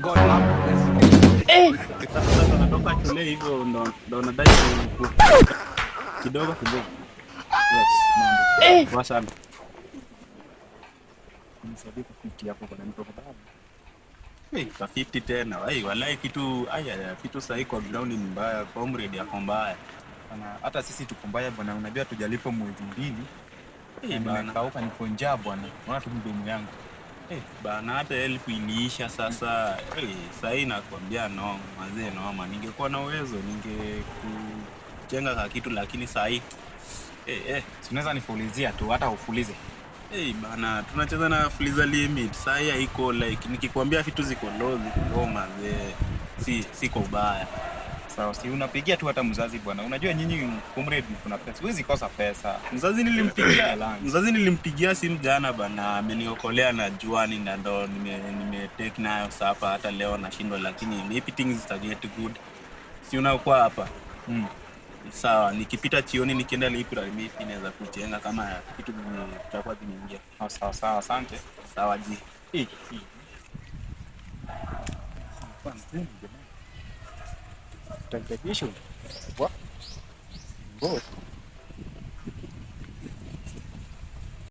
God love. Hivyo ndo nadai kidogo kidogo. Yes, sana. Tafiti tena walai, kitu haya kitu sahi kwa ground ni mbaya, kwa umri yako mbaya. Hata sisi tuko mbaya bwana, unajua tujalipo mwezi mbili. Nimekauka, niko njaa bwana, ona tu mdomo yangu Eh, bana hata help iliisha sasa. Hey, eh, sahii nakwambia no, mazee noma. Ningekuwa na uwezo ningekujenga ka kitu, lakini sahii hey, eh, hey. Sinaweza nifulizia tu hata ufulize. Hey, bana tunacheza na fuliza limit sahii haiko like, nikikwambia vitu ziko low ziko low mazee, si siko ubaya sawa, si unapigia tu hata mzazi bwana. Unajua nyinyi kumred, kuna pesa, huwezi kosa pesa. Mzazi nilimpigia mzazi nilimpigia simu jana bana, ameniokolea na juani na ndo nimetake nime nayo sapa, hata leo nashindwa, lakini maybe things are get good, si unakuwa hapa mm. Sawa, nikipita chioni nikienda library mimi naweza kujenga kama kitu kitakuwa kimeingia. Ah, sawa sawa, asante. Sawa ji. тогда печень. Вот. Вот.